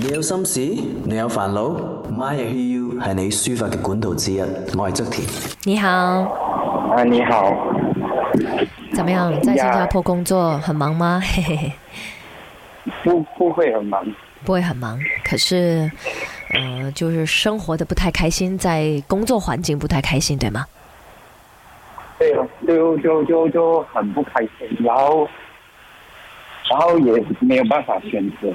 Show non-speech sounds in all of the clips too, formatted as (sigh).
你有心事，你有煩惱，My I Hear U 係你抒發嘅管道之一。我係則田，你好，啊你好，怎麼樣？在新加坡工作，yeah. 很忙嗎？ (laughs) 不不會很忙，不會很忙。可是，嗯、呃，就是生活得不太開心，在工作環境不太開心，對嗎？對啊，就就就就很不開心，然後，然後也沒有辦法選擇。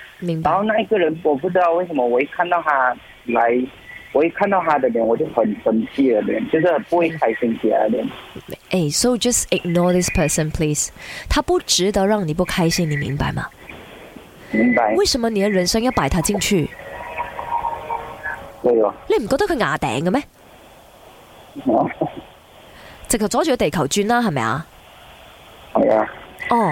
明白。然後那一個人，我不知道為什麼，我一看到他來，我一看到他的臉，我就很生氣啦，連就是很不會開心起來，連。誒，so just ignore this person please，他不值得讓你不開心，你明白嗎？明白。為什麼你的人生要擺他進去，哦？你唔覺得佢牙頂嘅咩？ (laughs) 直頭阻住個地球轉啦，係咪啊？係啊。哦，oh。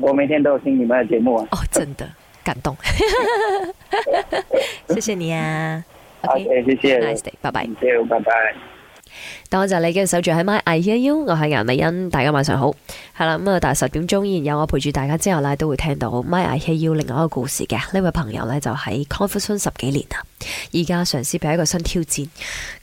我每天都聽你們的節目啊。哦、oh，真的感動， (laughs) 謝謝你啊。好嘅，謝謝。Nice day，拜拜。Thank you，拜拜。咁我就嚟繼續守住喺 My I Hear U，我係顏麗欣，大家晚上好。係啦，咁啊，但係十點鐘，依然有我陪住大家之後呢，都會聽到 My I Hear U 另外一個故事嘅呢位朋友呢，就喺 Confusion 十幾年啊，而家嘗試俾一個新挑戰。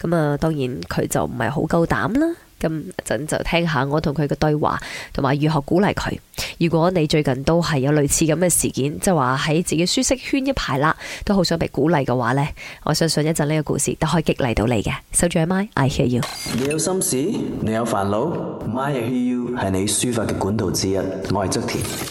咁啊，當然佢就唔係好夠膽啦。咁一陣就聽下我同佢嘅對話，同埋如何鼓勵佢。如果你最近都係有類似咁嘅事件，即係話喺自己舒適圈一排啦，都好想被鼓勵嘅話呢，我相信一陣呢個故事都可以激勵到你嘅。收住 MY，I hear you。你有心事，你有煩惱，My hear you 係你抒發嘅管道之一。我係則田。